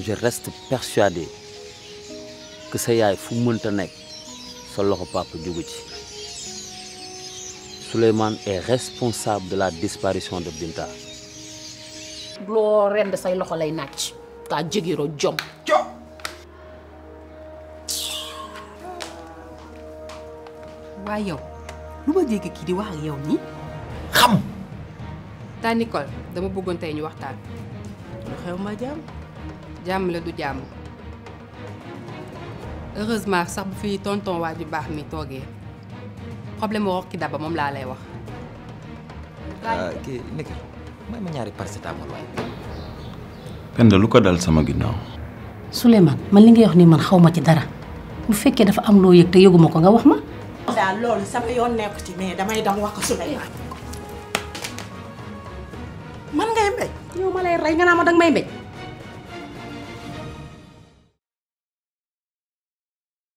je reste persuadé que sa yaay fou mënta nek sa loxo papa djogu ci Souleymane est responsable de la disparition de Binta. loo rend say loxo lay natch ta djegiro djom waa yow lu ma dégg di wax ak yow ni. xam. taa Nicole dama bëggon tay ñu waxtaan. lu xew ma jàmm. jam le du jam heureusement sax bu fi tonton waji bax mi toge problème mu Rocky Daba mom la lay wax. Ah, ki nek may ma ñaari paracetamol way Penda lu ko dal sama ginnaw souleyman man li ngay wax ni man xawma ci dara bu fekke dafa am lo yek te yeguma ko nga wax ma. da loolu sama yon nek ci mais damay dam wax ko Souleymane. man ngay mbéj ñu ma lay ray nga na ma dag may mbéj.